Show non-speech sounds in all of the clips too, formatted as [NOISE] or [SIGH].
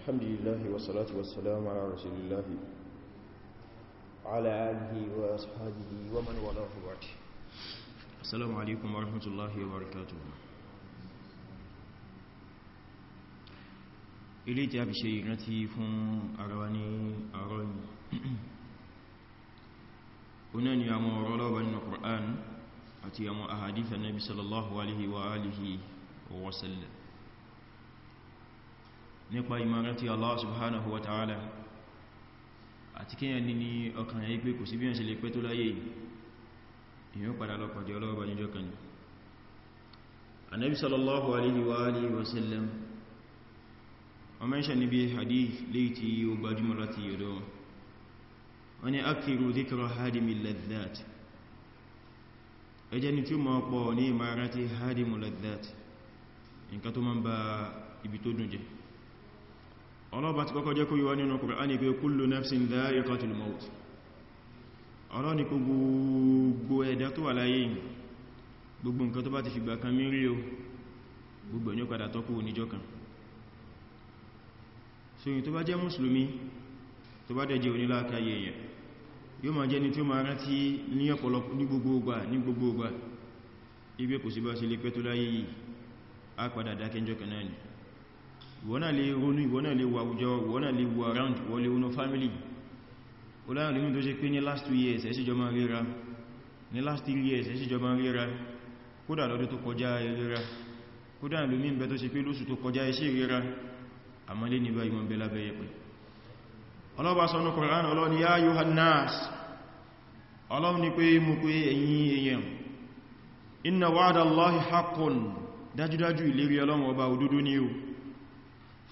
الحمد لله والصلاة والسلام على رسول الله على آله وأصحابه ومن ولاه بعد السلام عليكم ورحمة الله وبركاته إليت أبي شيء نتيف أرواني أرواني [CLEARS THROAT] أنني أمور الله بأن القرآن أتي أمو أهاديث النبي صلى الله عليه وآله وسلم nípa ìmọ̀rántí Allah subhanahu wa ta'ala àti kíyàn ní ní ọkàn yẹ pé kò sí bí wọ́n ṣe lè pẹ́ tó láyé ìyàn padà lọ pàdé ọlọ́ọ̀bá níjọ́ kan ní Ànábì sallallahu alaihi wa alihi wa sallam wọ́n mẹ́ṣẹ́ níbi hadith léyìí tí ó gbajúmọ̀ láti yọ̀dọ̀ wọ́n ni ibi tó dùn jẹ́ ọlọ́ba ti kọ́kọ́ jẹ́ kó yíwa nínú Kùránì pé kullu nafsin dha'iqatul maut ọlọ́ ni gbogbo ẹ̀dá tó wà láyé yìí gbogbo nǹkan tó bá ti fìgbà kan mírí o gbogbo ní padà tọ́kù oníjọ́ kan sóyìn tó bá jẹ́ mùsùlùmí tó bá dẹ̀jẹ́ oníláàkáyé yẹn yóò máa jẹ́ ní tí ó ibi kò sí bá sí lè pẹ́ tó láyé yìí á padà dákẹ́jọ́ kan náà ni ìwọ́nà lè ronú ìwọ́nà lè wà wọ́n ìwọ́nà lè wà round wọ́n lè ronú family ó láàrín lórí tó ṣe pé ní last two years ẹ̀ síjọba ríra ní last three years ẹ̀ síjọba ríra kódà lọ́dún tó kọjá ríra kódà lómi ń bẹ tó ṣe pé lóṣù tó kọjá iṣẹ́ ríra àmọ́lé ní bẹ́lá pẹ̀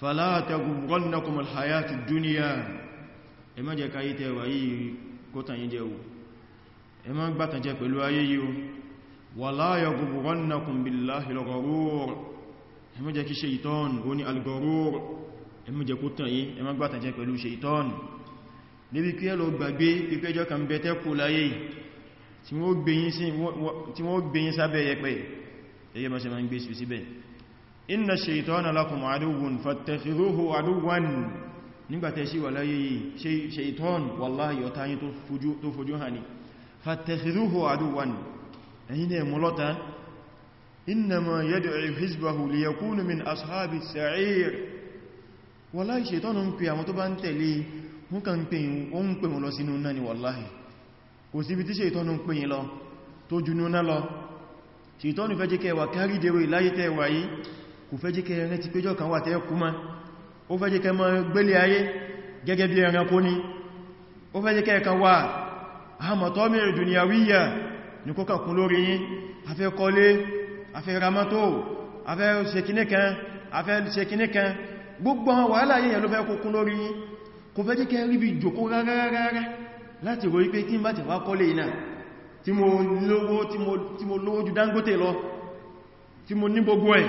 fala taghurrannakum al-hayatu ad-dunya ẹ má jẹ́ káyé tẹwà yìí kótàn yìí jẹ́ o ẹ má gbátàn jẹ́ pẹ̀lú ayé yìí o wala yaghurrannakum billahi al-ghurur ẹ má jẹ́ kí ṣeìtọ́n ó ní al-ghurur ẹ má jẹ́ kótàn yìí ẹ má gbátàn jẹ́ ṣe ma inna shaitana lakum aduwwun fattakhidhuhu aduwwan nígbàtẹ̀ sí wà láyé yìí shaitan wallahi ọ̀tá yìí tó fojú hàn ní fattakhidhuhu aduwwan ẹ̀yìn ne mọ́lọ́ta innama yad'u hizbahu liyakunu min ashabi sa'ir wallahi shaitan ń pè àwọn tó bá ń tẹ̀lé hún kan pè ó ń pè wọn lọ sínú náà ni wallahi kò síbi tí shaitan ń pè yín lọ tó junú náà lọ shaitan fẹ́ jẹ́ kẹwàá kárí dẹwẹ̀ láyé tẹ́wàá yìí kò fẹ́ jẹ́ kẹrẹ ti péjọ kan wà tẹ́yẹ kúmá ó fẹ́ jẹ́ kẹ mọ́ gbélé ayé gẹ́gẹ́ bí ẹran kó ní ó fẹ́ jẹ́ kẹrẹ kan wà àmọ̀tọ́ mẹ́rin dùnìyàwíyà ní kó kàkún lórí yín afẹ́ kọlé afẹ́ ramato afẹ́ sekinekan afẹ́ sekinekan gbogbo àwọn wàhálà yẹn ló fẹ́ kókún lórí yín kò fẹ́ jẹ́ kẹ rí bí jòkó rárá láti rò wípé tí ń bá ti wá kọ́lé iná tí mo lówó tí mo lówó ju Dangote lọ tí mo ní gbogbo ẹ̀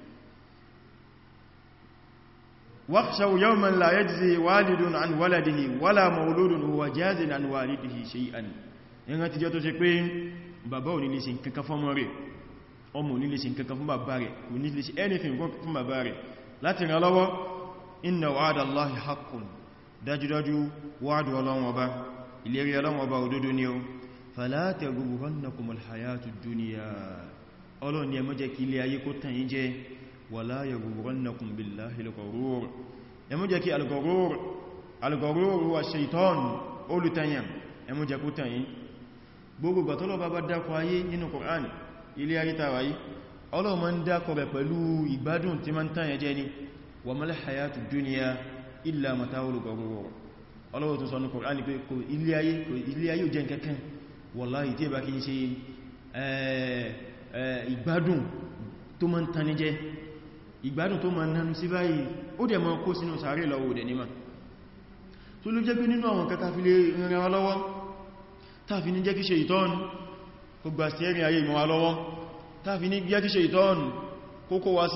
واخشوا يوما لا يجزي والد عن ولده ولا مولود هو جاز عن والده شيئا ìran tí jẹ́ tó ṣe pé bàbá ò ní lè ṣe nǹkankan fún ọmọ rẹ̀ ọmọ ò ní lè ṣe nǹkankan fún bàbá rẹ̀ kò ní lè ṣe anything fún bàbá rẹ̀ láti ràn lọ́wọ́ inna wa'ada Allahi haqqun dájúdájú wa'adu Ọlọ́run Ọba ìlérí Ọlọ́run Ọba òdodo ni o fala taghurrannakumul hayatud dunya wala yaghurrannakum billahi al-ghurur ẹ má jẹ́ kí al-ghurur al-ghurur huwa shaitan olùtanyàn ẹ má jẹ́ kó tàn yín gbogbo gbà tọ́lọ́ bá dákọ ayé nínú Qur'an ilé ayíta wáyé Ọlọ́run máa ń dákọ rẹ̀ pẹ̀lú ìgbádùn tí ma ń tàn ẹjẹ́ ni wa mal hayatu dunya illa mata'ul ghurur ìgbádùn tó ma nánú sí báyìí ó dẹ̀ ma kó sínú sàárè lọ́wọ́ òdẹ̀ níma tó ló jẹ́ pé nínú àwọn kẹta fi lè rìnrìn wa lọ́wọ́ tàfi ní jẹ́ kí ṣe ìtọ́nù kó gbà sí ẹ̀rìn ayé ìmọ̀ wa lọ́wọ́ tàfi ní jẹ́ kí ṣe ìtọ́nù kó kó wa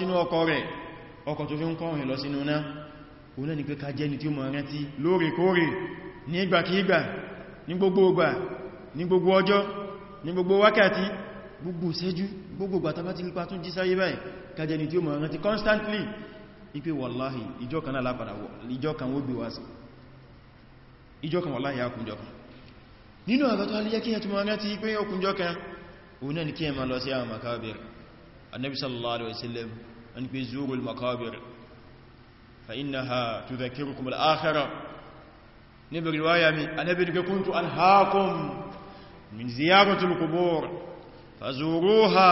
gbogbo gbàtà bá ti rípa tún jí sáyé báyìí ní tí ó mọ̀ rántí constantly ipé wàláhì ìjọkan náà lápadà ìjọ kan ó gbé wá sí ìjọkan kan wàláhì ákùnjọ kan nínú àgbàtà aliyá kí ẹ tún mọ̀ rántí pé ókùnjọ فزوروها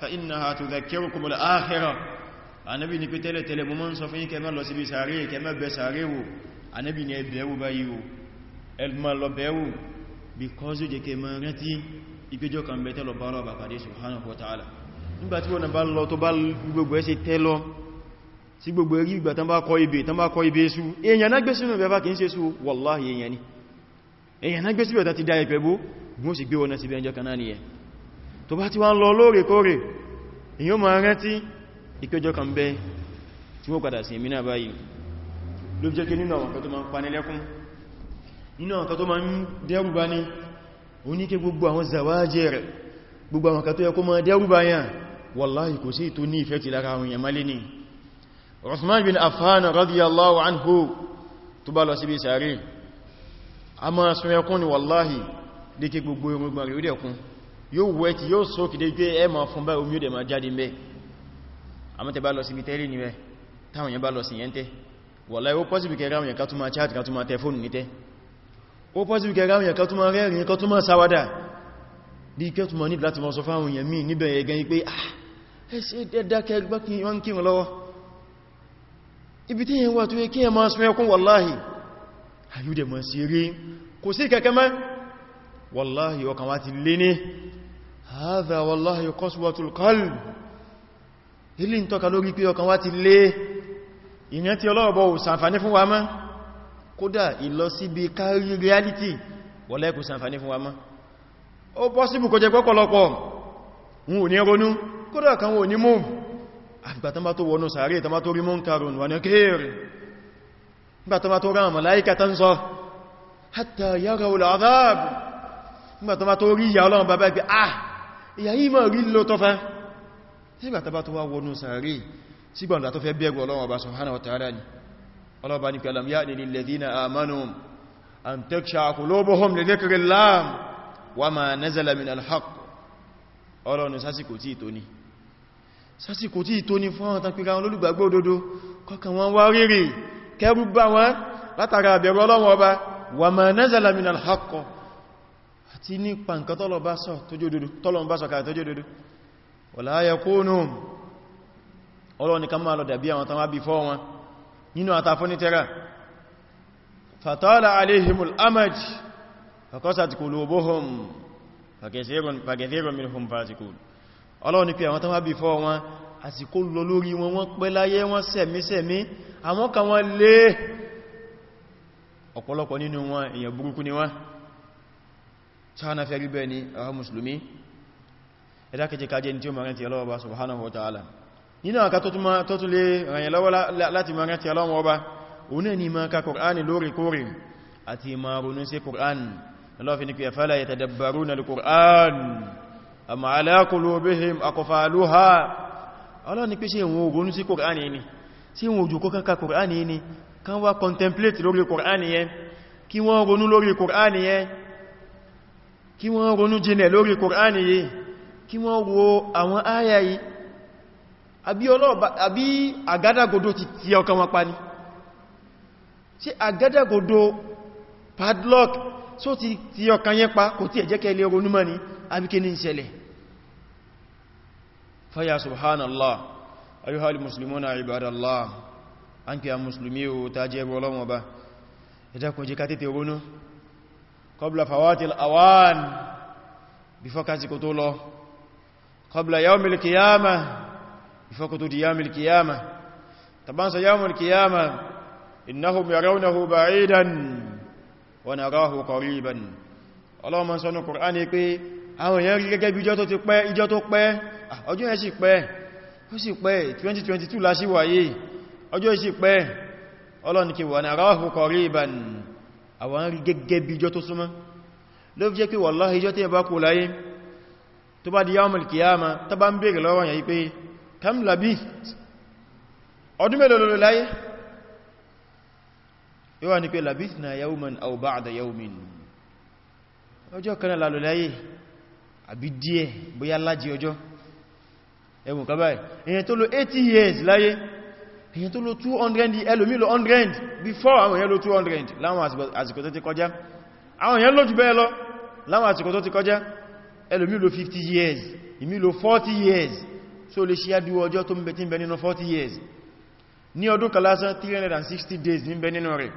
فإنها تذكركم الآخرة Ànábì ní pé tẹ́lẹ̀ tẹ́lẹ̀ mo man sọ fún kẹ́ má lọ síbi sàréè kẹ́ má bẹ̀ sàréè wò Ànábì ní ẹ bẹ̀ wò báyìí o ẹ má lọ bẹ̀ wò because ó jẹ́ kẹ́ má rántí ìgbẹ́jọ́ kan bẹ̀ tẹ́ lọ bá lọ bá pàdé subhanahu wa ta'ala nígbà tí wọ́n bá lọ tó bá gbogbo ẹ̀ ṣe tẹ́ lọ sí gbogbo ẹ̀rí ìgbà tán bá kọ ibẹ̀ tán bá kọ ibẹ̀ sú èèyàn náà gbé sínú ìbẹ̀fà kìí ṣe sú wallahi èèyàn ni èèyàn náà gbé síbẹ̀ tán ti dá ẹ̀pẹ̀ bó gbọ́n sì gbé wọn náà síbẹ̀ ẹjọ́ kanáà nìyẹn tó bá ti wá ń lọ lóòrèkóòrè èyàn ma rántí ìpéjọ kan bẹ tí wọ́n padà sí ìmìnà báyìí ló jẹ́ kí nínú àwọn tó ma ń panilẹ́kún nínú àwọn tó ma ń dẹ́rùbá ní oníkẹ́ gbogbo àwọn zawájẹ́ rẹ̀ gbogbo àwọn kan tó yẹ kó ma dẹ́rùbá wallahi kò sí ìtò ní ìfẹ́ ti lára àwọn èèyàn málé ní Uthman bin Affan radiyallahu anhu tó bá lọ síbi sàárè a máa yóò wẹ́tí yóò sókè dé gbé ẹmọ fún bá omi ó dẹ̀ ma jáde mẹ́ àmọ́tẹ̀ bá lọ sí ibi tẹ́rì ní táwọn yẹn bá lọ sí yẹn tẹ́ wọ̀lá ó pọ́sìbì kẹrẹ àwọn chat ká tún ma tẹfóònù ní tẹ́ ó pọ́sìbì kẹrẹ àwọn yẹn ká tún ma rẹ́rìn ká tún ma sáwádà bí ah ẹ ṣe dákẹ́ gbá kí wọ́n kí wọn lọ́wọ́ ibi tí yẹn wà tó yẹ kí yẹn máa sún sí rí kò sí kẹ́kẹ́ mẹ́ wàláhì ọkàn ti lé ní هذا والله قسوة القلب ilé ń tọ́ka lórí pé ọkàn wá ti lé ìyẹn tí ọlọ́ọ̀bọ̀ ò sàǹfàní fún wa mọ́ kódà ìlọ síbi kárí reality wọ́lẹ́ kò sàǹfàní fún wa mọ́ ó pọ́síbù kò jẹ pọ́pọ̀lọpọ̀ wọn ò ní ronú kódà kan wọn ò ní move àfìgbà tán bá tó wọnú sàárè tán bá tó rí mọ́nkàrùn wà ní kéèrè nígbà tán bá tó rán màláíkà tán sọ hatta yára olàdáàbù nígbà tán bá tó rí ìyà ọlọ́run bàbá ìgbé ah ìyà yìí máa rí lọ tọ́fà sígbà tàbá tó wá wọnú sàárè sígbà ọ̀dá tó fẹ́ bẹ̀rù Ọlọ́run Ọba subhanahu wa ta'ala ni Ọlọ́run ni pẹ̀lú yà ní lèdínà àmánù an taksha qulubuhum li dhikrillah wa ma nazala min al-haqq Ọlọ́run sásìkò tí ìtò ni sásìkò tí ìtò ni àti nípa nǹkan tọ́lọ̀n bá sọ kàrẹ tó jódodo wala yakunu ọlọ́ni kan máa lọ dàbí àwọn tán wá bí fọ́ wọn nínú àtàfún ní tẹ́rà fatala aléhimul amaj fakọ́sàtì kulubuhum ọ̀pọ̀lọpọ̀ nínú wọn èèyàn burúkú ni wọ́n sáàna fẹ́ ríbẹ̀ ní àwọn musulmi ẹ̀dá kẹjẹ kájẹ ní tí ó mọ̀rẹ́ ti ọlọ́wọ́ bá subhanahu wa ta'ala nínú àkà tó tún lè ràyìn eh, lọ́wọ́ láti mọ̀rẹ́ ti ọlọ́wọ́ bá òun ní ma ka Qur'an lóòrèkóòrè àti ma ronú sí Qur'an lọ́fin ni afala yatadabbaruna al-Qur'an am ala qulubihim aqfaluha ọlọ́ ni pé ṣe wọn ronú sí Qur'an ni sí wọn ojú kọ́kọ́ ka Qur'an ni kan wá contemplate lórí Qur'an yẹn kí wọ́n ronú lórí Qur'an yẹn kí wọ́n ronú jinlẹ̀ lórí Kùránì yìí kí wọ́n wo àwọn áyà yìí àbí àgádágodo ti tí ọkàn wọn pa ní ṣe àgádágodo padlock só ti tí ọkàn yẹn pa kò tí ẹ̀ jẹ́kẹ́ ilé ronú mọ́ àbí kí ní ìṣẹ̀lẹ̀ faya subhanallah ayyuhal muslimuna ibadallah an kí a musulmi o ta jẹ́ ọlọ́wọ́ ba قبل فوات الأوان بفكاسي كتولو قبل يوم القيامة بفكتو ديام القيامة طبعا سيوم القيامة إنهم يرونه بعيدا ونراه قريبا اللهم انسان القرآن يقول àwọn èèyàn rí gẹ́gẹ́ bí ìjọ tó ti pẹ́ ìjọ tó pẹ́ ọjọ́ yẹn sì pẹ́ ó sì pẹ́ 2022 láṣíwáyé ọjọ́ yẹn sì pẹ́ ọlọ́nikí wà náà ráhù kọ̀rí ìbànì àwọn rí gẹ́gẹ́ bí ijọ́ tó súnmọ́ ló fi jẹ́ pé wàláhì ijọ́ tí ẹ bá kò láyé tó bá di yawmul kiyama tó bá ń bèèrè lọ́wọ́ yẹ̀ pé kam labith ọdún mélòó ló láyé yíwa ni pé labithna yawman aw ba'da yawmin ọjọ́ kan la láyé àbí díẹ̀ bóyá lájí ọjọ́ ẹwùn kabáyé èyàn tó lò 80 years láyé èyàn tó lọ 200 ẹlòmí lọ 100 before àwọn èyàn lọ 200 láwọn àsìkò tó ti kọjá àwọn èyàn lọ jù bẹ́ẹ̀ lọ láwọn àsìkò tó ti kọjá ẹlòmí lọ 50 years ìmí lọ 40 years so lè ṣe àdíwọ ọjọ́ tó ń bẹ tí ń bẹ nínú 40 years ní ọdún kan lásán 360 days ní ń bẹ nínú rẹ̀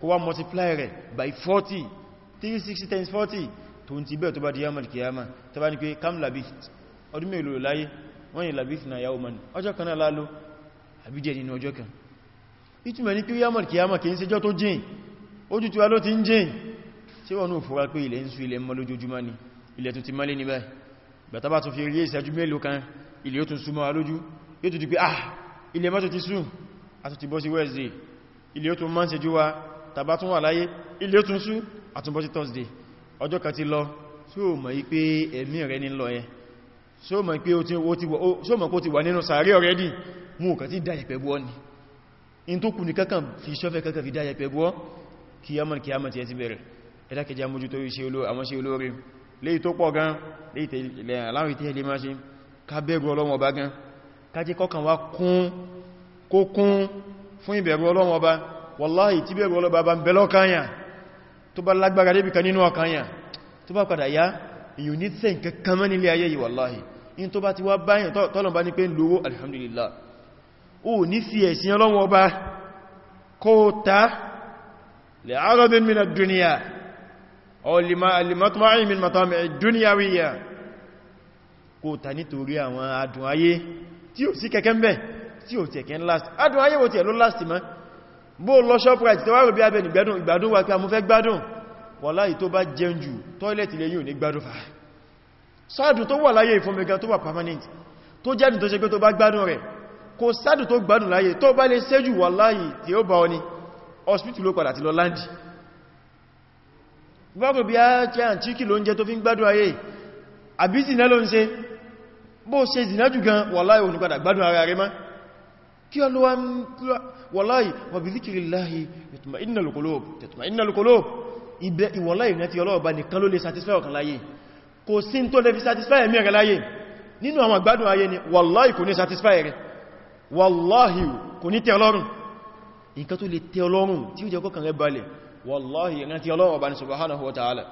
kó wá multiply rẹ̀ by 40 360 times 40 tó ń ti bẹ́ẹ̀ tó bá di yamal kiyama tó bá ní pé kam labith ọdún mélòó láyé wọ́n yìí labith na yawman ọjọ́ kan náà lálọ́ àbí díẹ̀ nínú ọjọ́ kan ìtumọ̀ ní kíríyàmọ̀ kíyàmọ̀ kìí síjọ́ tó jìn ojú tí wá ló ti ń jìn tí wọ́n náà fòwá pé ilẹ̀ ń sú ilẹ̀ mọ́ lójoojúmọ́ ni ilẹ̀ tó ti mọ́lé ní báyìí bàtà ah ilẹ̀ mọ́ tó ti Wednesday ilẹ̀ ó tún wa tàbá tún wà láyé ilẹ̀ Thursday ọjọ́ kan ti lọ só mọ̀ yí pé ẹ̀mí rẹ̀ ní lọ yẹ só ti wà nínú sàárẹ̀ already wọn kàn ti dáyẹ̀ pẹ̀bọ́ ni in tó kù ní kankan fi ṣọ́fẹ́ kankan fi dáyẹ̀ pẹ̀bọ́ kíyàmọ̀ kíyàmọ̀ ti ẹ ti bẹ̀rẹ̀ ẹ̀dákẹjá mójútó àwọn ṣe olóorí léyìí tó pọ̀ gan láwọn ìtẹ́ ilé máa ṣe ká bẹ̀rù Ọlọ́run Ọba gan ká jẹ́ kọ́kàn wá kún kó kún fún ìbẹ̀rù Ọlọ́run Ọba wàláhì tí bẹ̀rù Ọlọ́run Ọba ń bẹ lọ́kànyà tó bá lágbára débì kan padà yá èyàn ní tẹ́ nǹkan kan nílé ayé yìí wàláhì in tó bá ti wá báyàn tọ́lọ̀ bá ní pé lówó alhamdulillah ó ní fi ẹ̀sìn ọlọ́wọ́ ọba kó ta lè arọ́bìn mina duniya ọlìmọ́tọ́mọ́rin min matami duniyawiya kó ta nítorí àwọn adùn ayé tí ò sí kẹ́kẹ́ mẹ́ tí ò tẹ̀kẹ́ ń last adùn ayé wò tí ẹ̀ ló last mọ́ bó lọ shoprite tó wá rò bí abẹ́ nìgbádùn ìgbádùn wà pé a mú fẹ́ gbádùn permanent tó jẹ́dùn tó ṣe pé tó bá gbádùn rẹ̀ kò sádù tó gbádùn láyé tó bá lè séjù wà láyé tí ó bá ọ ní hospital ló padà ti lọ láńdì gbogbo bí a jẹ́ àntíkì ló ń jẹ tó fi ń gbádùn ayé àbí zìnà ló ń ṣe bó ṣe zìnà jù gan wàláyé ò ní padà gbádùn ara rẹ̀ má kí ọlọ́wà wàláyé wa bi dhikrillahi tatma'innul qulub tatma'innul qulub ibẹ̀ ìwọ̀láyé ní ti ọlọ́ọ̀bá láyé kò sí ní satisfy rẹ̀ wallahi kò ní tẹ́ ọlọ́run nǹkan tó lè tẹ́ ọlọ́run tí ó jẹ́ kọ́kàn rẹ balẹ̀ wallahi ẹ̀rẹ́ tí ọlọ́run ọba ní subhanahu wa ta'ala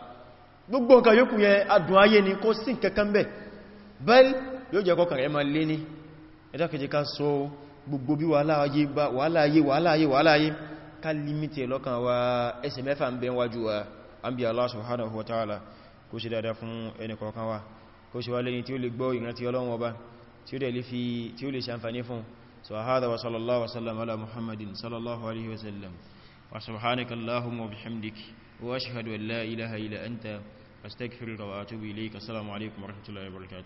gbogbo nǹkan yóò yẹ adùn ayé ni kó sí kankan bẹ̀ bẹ́ẹ̀ yóò jẹ́ kọ́kàn rẹ ma lé ní ẹ̀dàkẹjẹ ká sọ gbogbo bí wàhálà ayé wàhálà ayé ká límítẹ̀ lọ́kàn wa ẹsẹ̀ mẹ́fà ń bẹ wájú wa an bí Allah subhanahu wa ta'ala kó tí ó lè ṣe àǹfàní fún فهذا وصلى الله وسلم على محمد صلى الله عليه وسلم وسبحانك اللهم وبحمدك وأشهد أن لا إله إلا أنت أستغفرك وأتوب إليك السلام عليكم ورحمة الله وبركاته